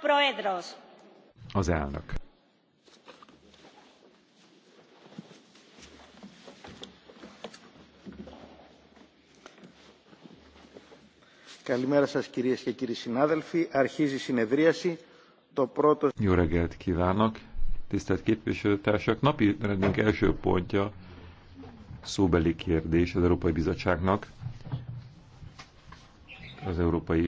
Proedros. Az elnök. Jó reggelt kívánok! Tisztelt képviselőtársak! Napi rendünk első pontja szóbeli kérdés az Európai Bizottságnak az Európai